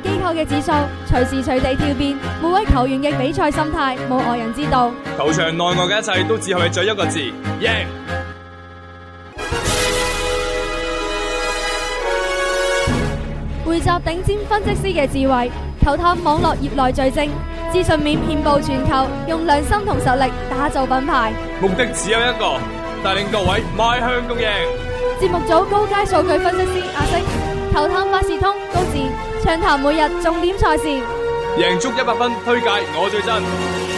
機構嘅指數隨時隨地跳變，每位球員嘅比賽心態冇外人知道。球場內外嘅一切都只係在一個字：贏。匯集頂尖分析師嘅智慧，球探網絡業內最精，資訊面遍佈全球，用良心同實力打造品牌。目的只有一個，帶領各位邁向共贏。節目組高階數據分析師阿星，球探萬事通高智。暢談每日重點賽事，贏足一百分，推介我最真，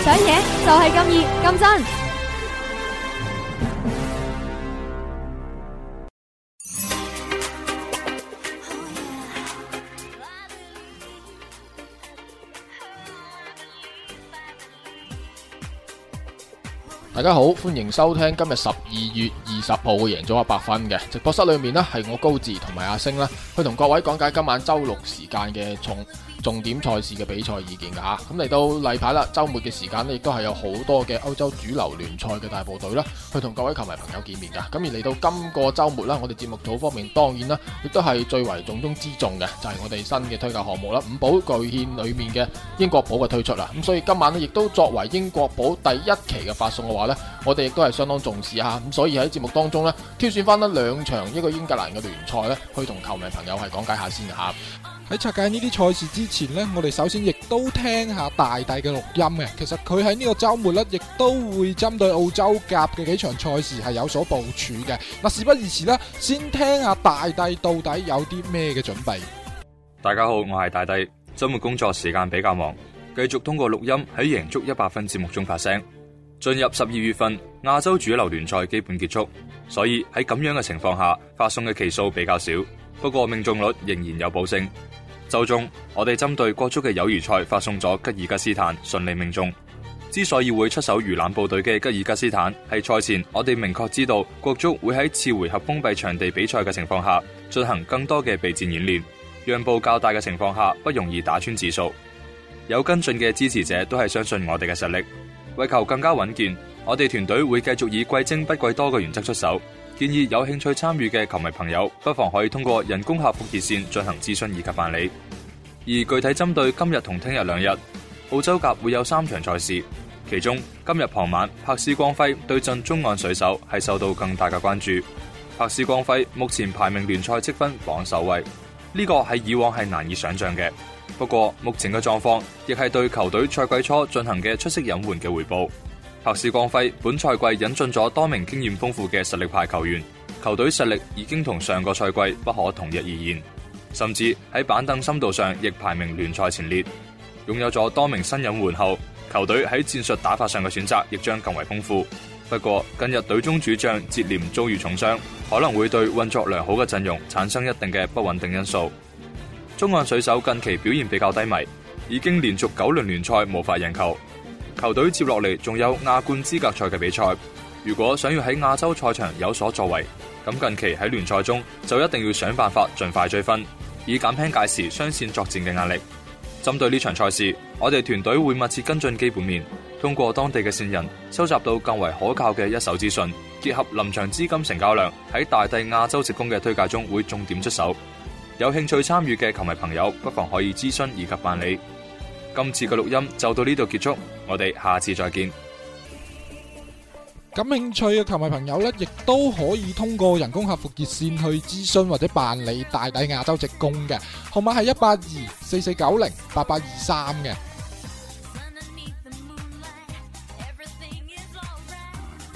想贏就係咁熱咁真。大家好，歡迎收聽今日十二月二十號嘅贏足 100FUN 嘅直播室裏面呢係我高志同埋阿星啦，去同各位講解今晚周六時間嘅重。重點賽事嘅比賽意見噶吓、啊，咁嚟到例牌啦，周末嘅時間呢亦都係有好多嘅歐洲主流聯賽嘅大部隊啦，去同各位球迷朋友見面噶。咁而嚟到今個周末啦，我哋節目組方面當然啦，亦都係最為重中之重嘅，就係、是、我哋新嘅推介項目啦，五寶巨獻裏面嘅英國寶嘅推出啦。咁所以今晚呢亦都作為英國寶第一期嘅發送嘅話呢，我哋亦都係相當重視吓。咁所以喺節目當中呢，挑選翻一兩場一個英格蘭嘅聯賽呢，去同球迷朋友係講解下先吓、啊。喺拆解呢啲賽事之前呢，我哋首先亦都聽下大帝嘅錄音嘅。其實佢喺呢個周末咧，亦都會針對澳洲甲嘅幾場賽事係有所部署嘅。嗱，事不宜遲啦，先聽下大帝到底有啲咩嘅準備。大家好，我係大帝。周末工作時間比較忙，繼續通過錄音喺贏足 100FUN 節目中發聲。進入十二月份，亞洲主流聯賽基本結束，所以喺咁樣嘅情況下，發送嘅期數比較少。不過命中率仍然有保證。周中我哋針對國足嘅友誼賽發送咗吉爾吉斯坦，順利命中。之所以會出手魚腩部隊嘅吉爾吉斯坦，係賽前我哋明確知道國足會喺次回合封閉場地比賽嘅情況下，進行更多嘅備戰演練，讓步較大嘅情況下不容易打穿指數。有跟進嘅支持者都係相信我哋嘅實力，為求更加穩健，我哋團隊會繼續以貴精不貴多嘅原則出手。建議有興趣參與嘅球迷朋友，不妨可以通過人工客服熱線進行諮詢以及辦理。而具體針對今日同聽日兩日，澳洲甲會有三場賽事，其中今日傍晚柏斯光輝對陣中岸水手係受到更大嘅關注。柏斯光輝目前排名聯賽積分榜首位，呢個喺以往係難以想象嘅。不過目前嘅狀況亦係對球隊賽季初進行嘅出色隱患嘅回報。白士光輝本賽季引進咗多名經驗豐富嘅實力派球員，球隊實力已經同上個賽季不可同日而言，甚至喺板凳深度上亦排名聯賽前列。擁有咗多名新引援後，球隊喺戰術打法上嘅選擇亦將更為豐富。不過近日隊中主將接連遭遇重傷，可能會對運作良好嘅陣容產生一定嘅不穩定因素。中岸水手近期表現比較低迷，已經連續九輪聯賽無法贏球。球隊接落嚟仲有亞冠資格賽嘅比賽，如果想要喺亞洲賽場有所作為，咁近期喺聯賽中就一定要想辦法盡快追分，以減輕屆時雙線作戰嘅壓力。針對呢場賽事，我哋團隊會密切跟進基本面，通過當地嘅線人收集到更為可靠嘅一手資訊，結合臨場資金成交量喺大地亞洲職工嘅推介中會重點出手。有興趣參與嘅球迷朋友，不妨可以諮詢以及辦理。今次嘅錄音就到呢度結束，我哋下次再見。感興趣嘅球迷朋友呢，亦都可以通過人工客服熱線去諮詢或者辦理大底亞洲直供嘅號碼係一八二四四九零八八二三嘅。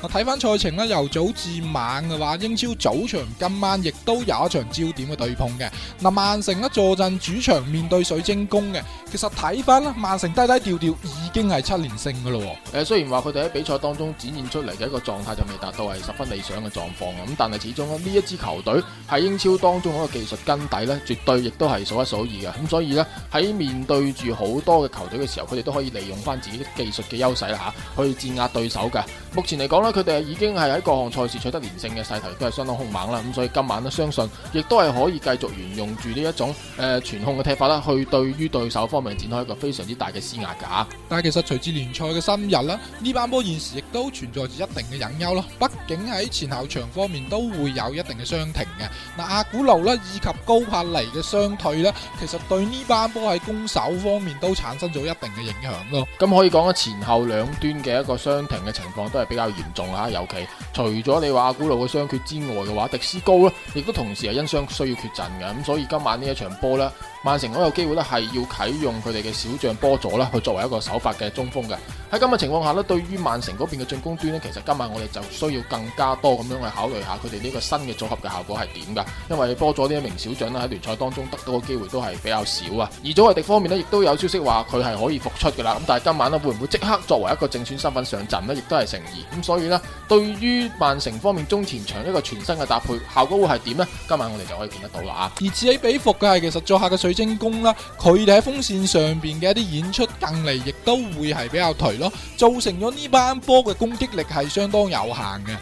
我睇翻賽程咧，由早至晚嘅話，英超早場今晚亦都有一場焦點嘅對碰嘅。嗱，曼城咧坐鎮主場面對水晶宮嘅，其實睇翻咧，曼城低低調調已經係七連勝噶咯。誒，雖然話佢哋喺比賽當中展現出嚟嘅一個狀態就未達到係十分理想嘅狀況，咁但係始終呢一支球隊喺英超當中嗰個技術根底咧，絕對亦都係數一數二嘅。咁所以咧喺面對住好多嘅球隊嘅時候，佢哋都可以利用翻自己技術嘅優勢吓，去戰壓對手嘅。目前嚟講呢。佢哋已經係喺各項賽事取得連勝嘅勢頭，都係相當兇猛啦。咁所以今晚都相信，亦都係可以繼續沿用住呢一種誒、呃、全控嘅踢法啦，去對於對手方面展開一個非常之大嘅施壓㗎。但係其實隨住聯賽嘅深入咧，呢班波現時亦都存在住一定嘅隱憂咯。畢竟喺前後場方面都會有一定嘅傷停嘅。嗱，阿古路咧以及高柏尼嘅傷退咧，其實對呢班波喺攻守方面都產生咗一定嘅影響咯。咁可以講啊，前後兩端嘅一個傷停嘅情況都係比較嚴重。用尤其，除咗你話阿古路嘅傷缺之外嘅話，迪斯高呢亦都同時係因傷需要缺陣嘅，咁所以今晚呢一場波呢，曼城都有機會呢係要啟用佢哋嘅小將波佐啦，去作為一個首發嘅中鋒嘅。喺今日情況下呢，對於曼城嗰邊嘅進攻端呢,其實今晚我哋就需要更加多咁樣去考慮一下佢哋呢個新嘅組合嘅效果係點噶。因為波佐呢一名小將呢喺聯賽當中得到嘅機會都係比較少啊。而佐維迪方面呢，亦都有消息話佢係可以復出噶啦，咁但係今晚咧會唔會即刻作為一個正選身份上陣呢？亦都係成疑。咁所以。對於曼城方面中前場呢個全新嘅搭配，效果會係點呢？今晚我哋就可以見得到啦啊！而自己比伏，嘅係，其實作客嘅水晶宮啦，佢哋喺鋒線上邊嘅一啲演出，近嚟亦都會係比較頹咯，造成咗呢班波嘅攻擊力係相當有限嘅。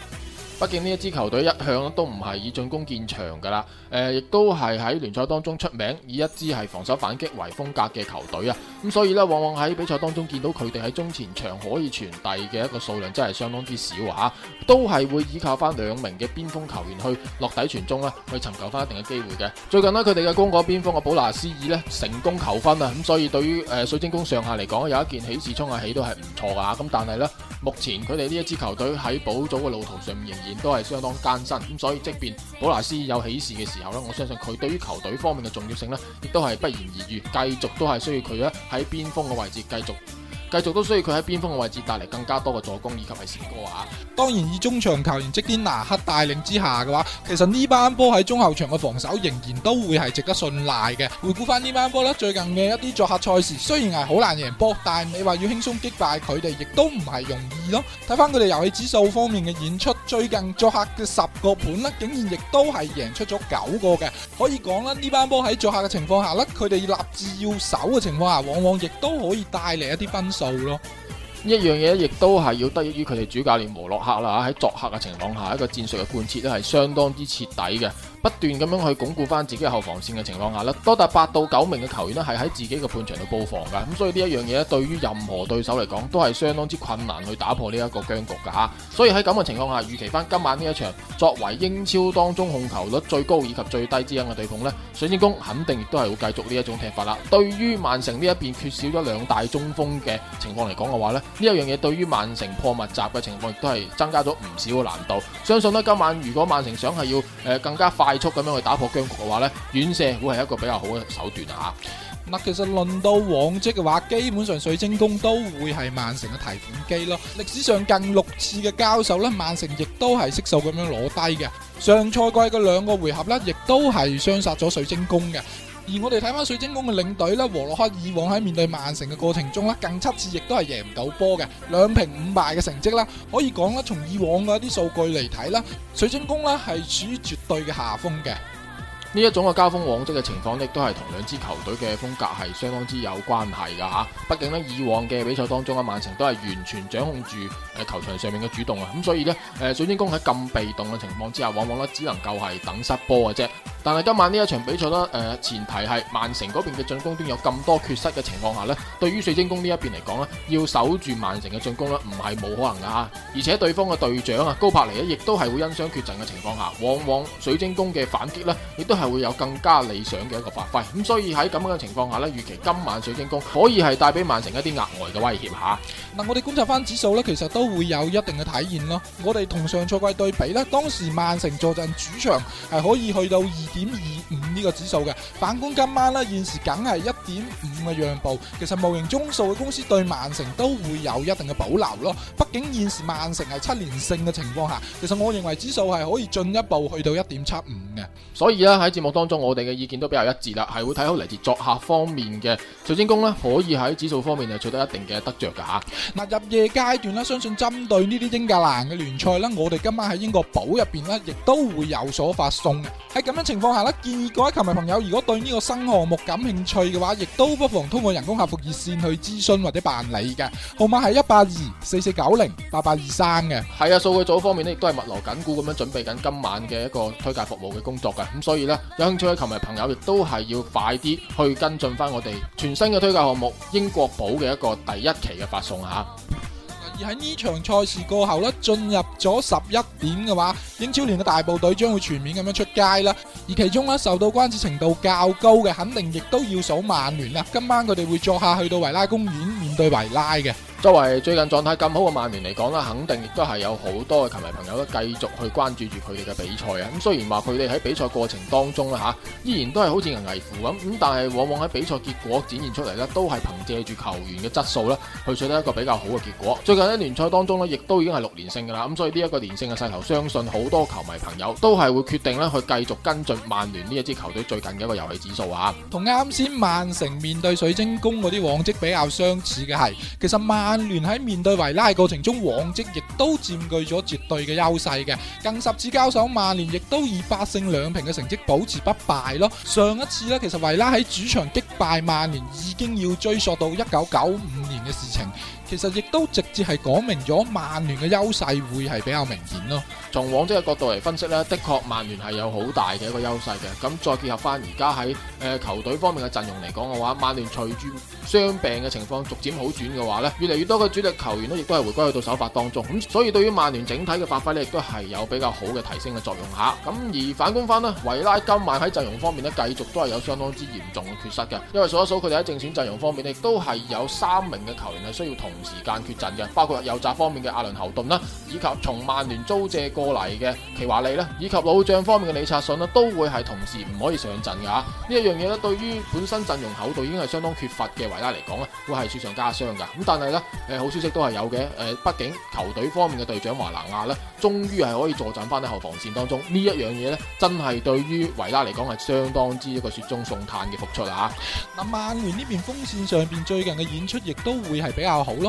畢竟呢一支球隊一向都唔係以進攻見長噶啦，誒、呃，亦都係喺聯賽當中出名以一支係防守反擊為風格嘅球隊啊，咁、嗯、所以呢，往往喺比賽當中見到佢哋喺中前場可以傳遞嘅一個數量真係相當之少啊，都係會依靠翻兩名嘅邊鋒球員去落底傳中啦、啊，去尋求翻一定嘅機會嘅。最近呢，佢哋嘅攻嗰邊鋒嘅保拿斯爾呢成功求婚啊，咁所以對於誒、呃、水晶宮上下嚟講，有一件喜事沖下、啊、起都係唔錯噶，咁、啊、但係呢。目前佢哋呢一支球隊喺保組嘅路途上，仍然都係相當艱辛。咁所以，即便保拉斯有起事嘅時候咧，我相信佢對於球隊方面嘅重要性咧，亦都係不言而喻。繼續都係需要佢咧喺邊鋒嘅位置繼續。繼續都需要佢喺邊鋒嘅位置帶嚟更加多嘅助攻以及係士哥啊！當然以中場球員即啲拿克帶領之下嘅話，其實呢班波喺中後場嘅防守仍然都會係值得信賴嘅。回顧翻呢班波呢，最近嘅一啲作客賽事，雖然係好難贏波，但你話要輕鬆擊敗佢哋，亦都唔係容易咯。睇翻佢哋遊戲指數方面嘅演出，最近作客嘅十個盤啦，竟然亦都係贏出咗九個嘅。可以講啦，呢班波喺作客嘅情況下咧，佢哋立志要守嘅情況下，往往亦都可以帶嚟一啲分數。咯，一樣嘢亦都係要得益於佢哋主教練摩洛克啦。喺作客嘅情況下，一個戰術嘅貫徹咧係相當之徹底嘅。不斷咁樣去鞏固翻自己後防線嘅情況下咧，多達八到九名嘅球員咧係喺自己嘅半場度布防噶，咁所以呢一樣嘢咧對於任何對手嚟講都係相當之困難去打破呢一個僵局噶吓，所以喺咁嘅情況下，預期翻今晚呢一場作為英超當中控球率最高以及最低之間嘅對碰呢，水晶宮肯定亦都係會繼續呢一種踢法啦。對於曼城呢一邊缺少咗兩大中鋒嘅情況嚟講嘅話咧，呢一樣嘢對於曼城破密集嘅情況亦都係增加咗唔少嘅難度。相信呢，今晚如果曼城想係要誒、呃、更加快。快速咁樣去打破僵局嘅話呢，遠射會係一個比較好嘅手段啊！嗱，其實論到往績嘅話，基本上水晶宮都會係曼城嘅提款機咯。歷史上近六次嘅交手咧，曼城亦都係悉數咁樣攞低嘅。上賽季嘅兩個回合呢亦都係雙殺咗水晶宮嘅。而我哋睇翻水晶宮嘅領隊咧，和洛克以往喺面對曼城嘅過程中咧，近七次亦都係贏唔到波嘅，兩平五敗嘅成績啦，可以講咧，從以往嘅一啲數據嚟睇啦，水晶宮咧係處於絕對嘅下風嘅。呢一種嘅交鋒往績嘅情況，亦都係同兩支球隊嘅風格係相當之有關係噶吓。畢竟呢以往嘅比賽當中啊，曼城都係完全掌控住誒球場上面嘅主動啊，咁所以呢，誒水晶宮喺咁被動嘅情況之下，往往咧只能夠係等失波嘅啫。但係今晚呢一場比賽咧，誒、呃、前提係曼城嗰邊嘅進攻端有咁多缺失嘅情況下呢，對於水晶宮呢一邊嚟講呢，要守住曼城嘅進攻咧，唔係冇可能嘅嚇。而且對方嘅隊長啊，高柏尼呢，亦都係會因傷缺陣嘅情況下，往往水晶宮嘅反擊呢，亦都係會有更加理想嘅一個發揮。咁所以喺咁樣嘅情況下呢，預期今晚水晶宮可以係帶俾曼城一啲額外嘅威脅嚇。嗱，我哋觀察翻指數呢，其實都會有一定嘅體現咯。我哋同上賽季對比呢，當時曼城坐陣主場係可以去到二。點二五呢個指數嘅，反觀今晚呢，現時梗係一點五嘅讓步，其實無形中數嘅公司對曼城都會有一定嘅保留咯。畢竟現時曼城係七連勝嘅情況下，其實我認為指數係可以進一步去到一點七五嘅。所以呢，喺節目當中我哋嘅意見都比較一致啦，係會睇好嚟自作客方面嘅水晶宮呢可以喺指數方面就取得一定嘅得着㗎吓。嗱，入夜階段呢，相信針對呢啲英格蘭嘅聯賽呢，我哋今晚喺英國寶入邊呢，亦都會有所發送。喺咁樣的情，情況下啦，建議各位球迷朋友，如果對呢個新項目感興趣嘅話，亦都不妨通過人工客服熱線去諮詢或者辦理嘅，號碼係一八二四四九零八八二三嘅。係啊，數據組方面咧，亦都係密鑼緊鼓咁樣準備緊今晚嘅一個推介服務嘅工作嘅。咁所以咧，有興趣嘅球迷朋友亦都係要快啲去跟進翻我哋全新嘅推介項目——英國寶嘅一個第一期嘅發送吓。而喺呢場賽事過後咧，進入咗十一點嘅話，英超聯嘅大部隊將會全面咁樣出街啦。而其中咧，受到關注程度較高嘅，肯定亦都要數曼聯啦。今晚佢哋會作客去到維拉公園面對維拉嘅。作為最近狀態咁好嘅曼聯嚟講，肯定亦都係有好多嘅球迷朋友都繼續去關注住佢哋嘅比賽啊！咁雖然話佢哋喺比賽過程當中啦吓，依然都係好似人危扶咁咁，但係往往喺比賽結果展現出嚟呢，都係憑借住球員嘅質素去取得一個比較好嘅結果。最近喺聯賽當中呢亦都已經係六連勝噶啦，咁所以呢一個連勝嘅勢頭，相信好多球迷朋友都係會決定去繼續跟進曼聯呢一支球隊最近嘅一個遊戲指數啊！同啱先曼城面對水晶宮嗰啲往績比較相似嘅係，其實曼聯喺面對維拉嘅過程中往績亦都佔據咗絕對嘅優勢嘅，近十次交手曼聯亦都以八勝兩平嘅成績保持不敗咯。上一次咧，其實維拉喺主場擊敗曼聯已經要追溯到一九九五年嘅事情。其實亦都直接係講明咗曼聯嘅優勢會係比較明顯咯。從往績嘅角度嚟分析呢，的確曼聯係有好大嘅一個優勢嘅。咁再結合翻而家喺誒球隊方面嘅陣容嚟講嘅話，曼聯隨住傷病嘅情況逐漸好轉嘅話呢，越嚟越多嘅主力球員也都亦都係回歸去到首發當中。咁所以對於曼聯整體嘅發揮呢，亦都係有比較好嘅提升嘅作用吓。咁而反觀翻呢，維拉今晚喺陣容方面呢，繼續都係有相當之嚴重嘅缺失嘅。因為數一數佢哋喺正選陣容方面咧，都係有三名嘅球員係需要同。同時間缺陣嘅，包括右閘方面嘅阿倫侯頓啦，以及從曼聯租借過嚟嘅奇華利啦，以及老將方面嘅李察信啦，都會係同時唔可以上陣嘅吓。呢一樣嘢咧，對於本身陣容厚度已經係相當缺乏嘅維拉嚟講咧，會係雪上加霜噶。咁但係呢，誒好消息都係有嘅。誒，畢竟球隊方面嘅隊長華拿亞呢，終於係可以坐陣翻喺後防線當中。呢一樣嘢呢，真係對於維拉嚟講係相當之一個雪中送炭嘅復出啊！嗱，曼聯呢邊鋒線上邊最近嘅演出亦都會係比較好咯。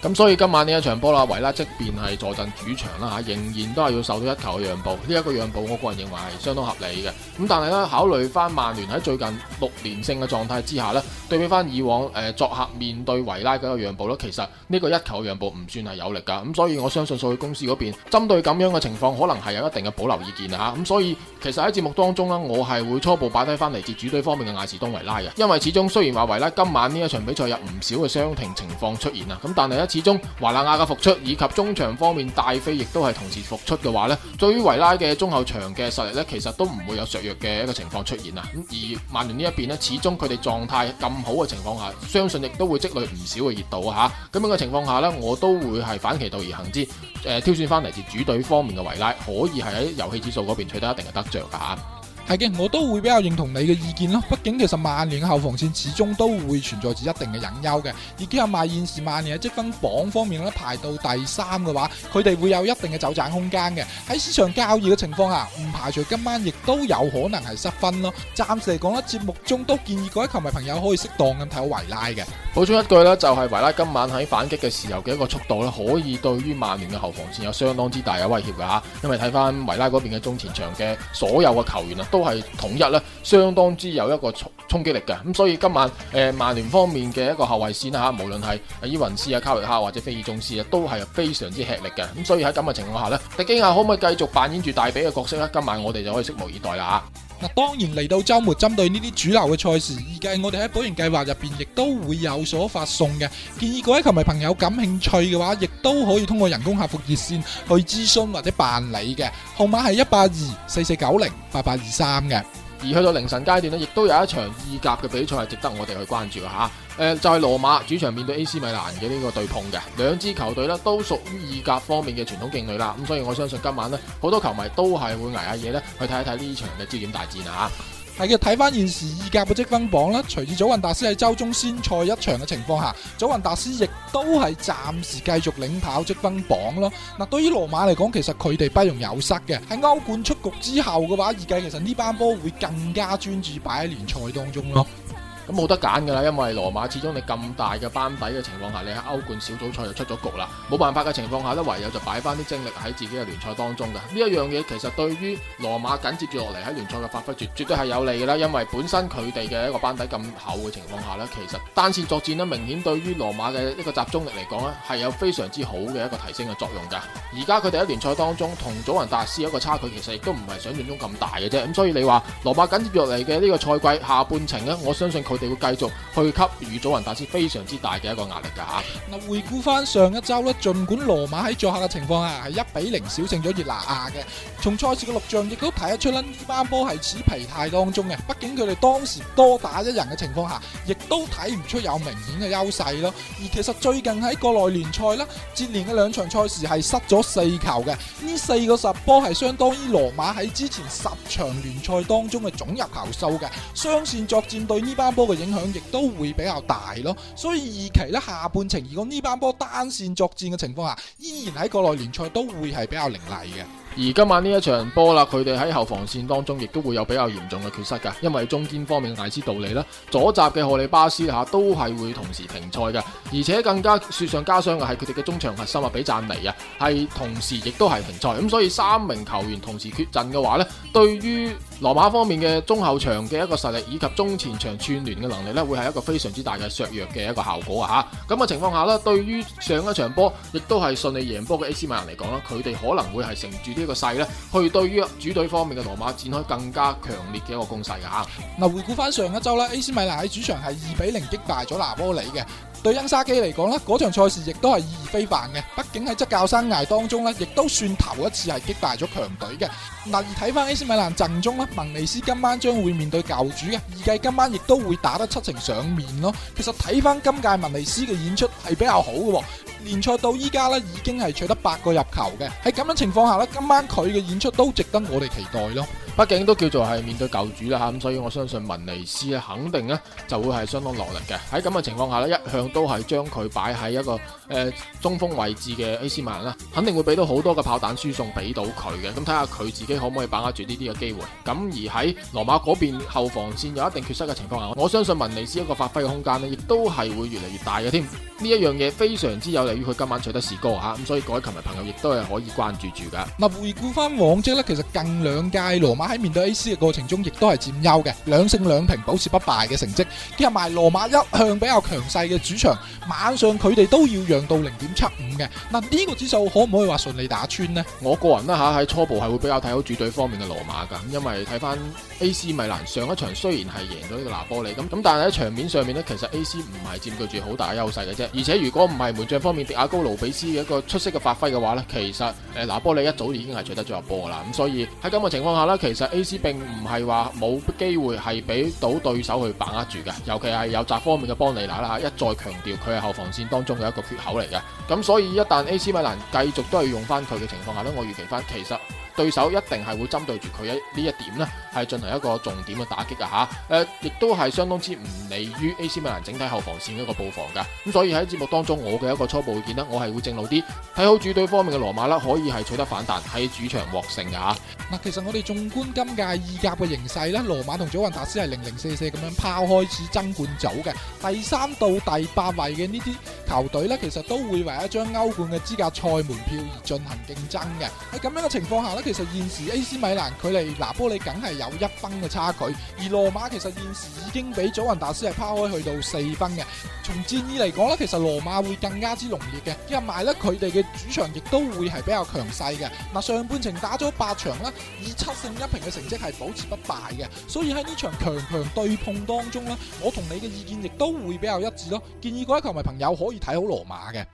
咁所以今晚呢一場波啦，維拉即便係坐鎮主場啦吓，仍然都係要受到一球嘅讓步。呢、這、一個讓步，我個人認為係相當合理嘅。咁但係咧，考慮翻曼聯喺最近六連勝嘅狀態之下咧，對比翻以往誒、呃、作客面對維拉嗰個讓步咯，其實呢個一球嘅讓步唔算係有力㗎，咁所以我相信數據公司嗰邊針對咁樣嘅情況，可能係有一定嘅保留意見啊吓。咁所以其實喺節目當中咧，我係會初步擺低翻嚟自主隊方面嘅阿士東維拉嘅，因為始終雖然話維拉今晚呢一場比賽有唔少嘅傷停情況出現啊，咁但係。始終華納亞嘅復出以及中場方面帶飛，亦都係同時復出嘅話呢對於維拉嘅中後場嘅實力呢，其實都唔會有削弱嘅一個情況出現啊！咁而曼聯呢一邊呢始終佢哋狀態咁好嘅情況下，相信亦都會積累唔少嘅熱度啊！吓咁樣嘅情況下呢，我都會係反其道而行之，誒挑選翻嚟自主隊方面嘅維拉，可以係喺遊戲指數嗰邊取得一定嘅得着噶吓。係嘅，我都會比較認同你嘅意見咯。畢竟其實曼聯嘅後防線始終都會存在住一定嘅隱憂嘅。而今有賣現時曼聯嘅積分榜方面咧，排到第三嘅話，佢哋會有一定嘅走盞空間嘅。喺市場交易嘅情況下，唔排除今晚亦都有可能係失分咯。暫時嚟講咧，節目中都建議各位球迷朋友可以適當咁睇好維拉嘅。補充一句啦，就係、是、維拉今晚喺反擊嘅時候嘅一個速度咧，可以對於曼聯嘅後防線有相當之大嘅威脅㗎吓。因為睇翻維拉嗰邊嘅中前場嘅所有嘅球員啊，都係統一咧，相當之有一個沖沖擊力嘅，咁所以今晚誒、呃、曼聯方面嘅一個後衛線啊，無論係伊雲斯啊、卡雷克或者菲爾宗斯啊，都係非常之吃力嘅，咁所以喺咁嘅情況下咧，迪基亞、啊、可唔可以繼續扮演住大髀嘅角色咧？今晚我哋就可以拭目以待啦吓。嗱，當然嚟到週末針對呢啲主流嘅賽事，而家我哋喺保贏計劃入邊亦都會有所發送嘅建議。各位球迷朋友感興趣嘅話，亦都可以通過人工客服熱線去諮詢或者辦理嘅號碼係一八二四四九零八八二三嘅。而去到凌晨階段呢亦都有一場意甲嘅比賽係值得我哋去關注嘅嚇、啊。就係、是、羅馬主場面對 AC 米蘭嘅呢個對碰嘅，兩支球隊呢，都屬於意甲方面嘅傳統勁旅啦。咁所以我相信今晚呢，好多球迷都係會捱下嘢呢，去睇一睇呢場嘅焦點大戰啊係嘅，睇翻現時意甲嘅積分榜啦。隨住祖雲達斯喺週中先賽一場嘅情況下，祖雲達斯亦都係暫時繼續領跑積分榜咯。嗱，對於羅馬嚟講，其實佢哋不容有失嘅。喺歐冠出局之後嘅話，意甲其實呢班波會更加專注擺喺聯賽當中咯。嗯咁冇得揀㗎啦，因為羅馬始終你咁大嘅班底嘅情況下，你喺歐冠小組賽就出咗局啦，冇辦法嘅情況下咧，唯有就擺返啲精力喺自己嘅聯賽當中㗎。呢一樣嘢其實對於羅馬緊接住落嚟喺聯賽嘅發揮，絕絕對係有利㗎啦。因為本身佢哋嘅一個班底咁厚嘅情況下咧，其實單線作戰咧，明顯對於羅馬嘅一個集中力嚟講咧，係有非常之好嘅一個提升嘅作用㗎。而家佢哋喺聯賽當中同祖雲達斯一個差距，其實亦都唔係想象中咁大嘅啫。咁所以你話羅馬緊接住落嚟嘅呢個賽季下半程咧，我相信佢。哋會繼續去給予祖雲達斯非常之大嘅一個壓力噶吓。嗱，回顧翻上一周咧，儘管羅馬喺作客嘅情況下係一比零小勝咗熱拿亞嘅，從賽事嘅錄像亦都睇得出啦，呢班波係處疲態當中嘅。畢竟佢哋當時多打一人嘅情況下，亦都睇唔出有明顯嘅優勢咯。而其實最近喺國內聯賽啦，接連嘅兩場賽事係失咗四球嘅，呢四個十波係相當於羅馬喺之前十場聯賽當中嘅總入球數嘅。雙線作戰對呢班波。個影響亦都會比較大咯，所以二期呢，下半程，如果呢班波單線作戰嘅情況下，依然喺國內聯賽都會係比較凌厲嘅。而今晚呢一場波啦，佢哋喺後防線當中亦都會有比較嚴重嘅缺失噶。因為中堅方面艾斯道理啦，左閘嘅荷里巴斯吓都係會同時停賽嘅，而且更加雪上加霜嘅係佢哋嘅中場核心啊比贊尼啊，係同時亦都係停賽，咁所以三名球員同時缺陣嘅話呢，對於羅馬方面嘅中後場嘅一個實力，以及中前場串聯嘅能力咧，會係一個非常之大嘅削弱嘅一個效果啊！吓，咁嘅情況下啦，對於上一場波亦都係順利贏波嘅 AC 米蘭嚟講啦，佢哋可能會係乘住呢一個勢咧，去對於主隊方面嘅羅馬展開更加強烈嘅一個攻勢啊！嗱，回顧翻上一周啦，AC 米蘭喺主場係二比零擊敗咗拿波里嘅。對恩沙基嚟講啦，嗰場賽事亦都係意義非凡嘅，畢竟喺執教生涯當中咧，亦都算頭一次係擊敗咗強隊嘅。嗱，而睇翻 AC 米蘭陣中咧，文尼斯今晚將會面對舊主嘅，預計今晚亦都會打得七成上面咯。其實睇翻今屆文尼斯嘅演出係比較好嘅，聯賽到依家咧已經係取得八個入球嘅。喺咁樣情況下咧，今晚佢嘅演出都值得我哋期待咯。畢竟都叫做係面對舊主啦嚇，咁所以我相信文尼斯咧肯定咧就會係相當落力嘅。喺咁嘅情況下咧，一向都係將佢擺喺一個誒、呃、中鋒位置嘅埃斯曼啦，肯定會俾到好多嘅炮彈輸送俾到佢嘅。咁睇下佢自己可唔可以把握住呢啲嘅機會。咁而喺羅馬嗰邊後防線有一定缺失嘅情況下，我相信文尼斯一個發揮嘅空間呢，亦都係會越嚟越大嘅添。呢一樣嘢非常之有利於佢今晚取得士高。嚇。咁所以各位球迷朋友亦都係可以關注住噶。嗱，回顧翻往績咧，其實近兩屆羅馬喺面對 A.C. 嘅過程中，亦都係佔優嘅，兩勝兩平，保持不敗嘅成績。結合埋羅馬一向比較強勢嘅主場，晚上佢哋都要讓到零點七五嘅。嗱，呢個指數可唔可以話順利打穿呢？我個人啦吓，喺初步係會比較睇好主隊方面嘅羅馬噶，因為睇翻 A.C. 米蘭上一場雖然係贏咗呢個拿波利。咁咁，但係喺場面上面呢，其實 A.C. 唔係佔據住好大優勢嘅啫。而且如果唔係門將方面迪亞高勞比斯嘅一個出色嘅發揮嘅話呢，其實誒拿波利一早已經係取得咗入波噶啦。咁所以喺咁嘅情況下呢。其實 AC 並唔係話冇機會係俾到對手去把握住嘅，尤其係右閘方面嘅邦尼拿啦，一再強調佢係後防線當中嘅一個缺口嚟嘅，咁所以一旦 AC 米蘭繼續都係用翻佢嘅情況下咧，我預期翻其實。對手一定係會針對住佢一呢一點呢，係進行一個重點嘅打擊噶、啊、吓。誒、啊，亦都係相當之唔利於 AC 米蘭整體後防線嗰個布防噶。咁、啊、所以喺節目當中，我嘅一個初步意見咧，我係會正路啲睇好主隊方面嘅羅馬啦，可以係取得反彈喺主場獲勝噶吓。嗱，其實我哋縱觀今屆意甲嘅形勢呢，羅馬同祖雲達斯係零零四四咁樣拋開始爭冠組嘅。第三到第八位嘅呢啲球隊呢，其實都會為一張歐冠嘅資格賽門票而進行競爭嘅。喺咁樣嘅情況下呢。其實現時 AC 米蘭距離拿波利梗係有一分嘅差距，而羅馬其實現時已經比祖雲達斯係拋開去到四分嘅。從戰意嚟講呢，其實羅馬會更加之濃烈嘅。因加埋咧，佢哋嘅主場亦都會係比較強勢嘅。嗱，上半程打咗八場啦，以七勝一平嘅成績係保持不敗嘅。所以喺呢場強強對碰當中呢，我同你嘅意見亦都會比較一致咯。建議各位球迷朋友可以睇好羅馬嘅。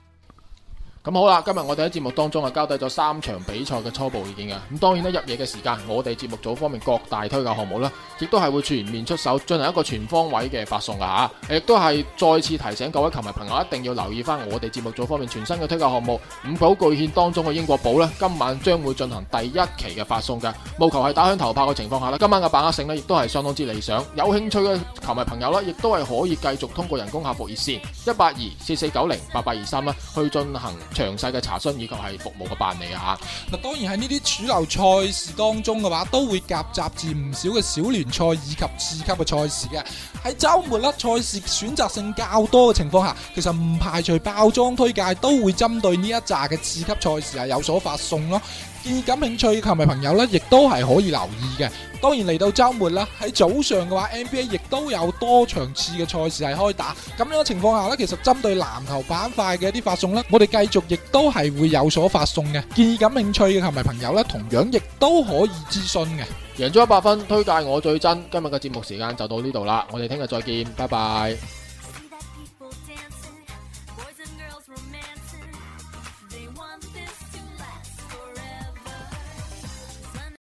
咁好啦，今日我哋喺節目當中啊，交代咗三場比賽嘅初步意見嘅。咁當然咧，入夜嘅時間，我哋節目組方面各大推介項目呢，亦都係會全面出手，進行一個全方位嘅發送嘅嚇。啊，亦都係再次提醒各位球迷朋友，一定要留意返我哋節目組方面全新嘅推介項目五寶巨獻當中嘅英國寶呢，今晚將會進行第一期嘅發送嘅。務求係打響頭炮嘅情況下呢，今晚嘅把握性呢，亦都係相當之理想。有興趣嘅球迷朋友呢，亦都係可以繼續通過人工客服熱線一八二四四九零八八二三啦，去進行。詳細嘅查詢以及係服務嘅辦理啊！嗱，當然喺呢啲主流賽事當中嘅話，都會夾雜住唔少嘅小聯賽以及次級嘅賽事嘅。喺周末啦，賽事選擇性較多嘅情況下，其實唔排除包裝推介都會針對呢一紮嘅次級賽事係有所發送咯。建議感興趣球迷朋友咧，亦都係可以留意嘅。當然嚟到周末啦，喺早上嘅話，NBA 亦都有多場次嘅賽事係開打。咁樣嘅情況下咧，其實針對籃球板塊嘅一啲發送咧，我哋繼續亦都係會有所發送嘅。建議感興趣嘅球迷朋友咧，同樣亦都可以諮詢嘅。贏足 100FUN，推介我最真。今日嘅節目時間就到呢度啦，我哋聽日再見，拜拜。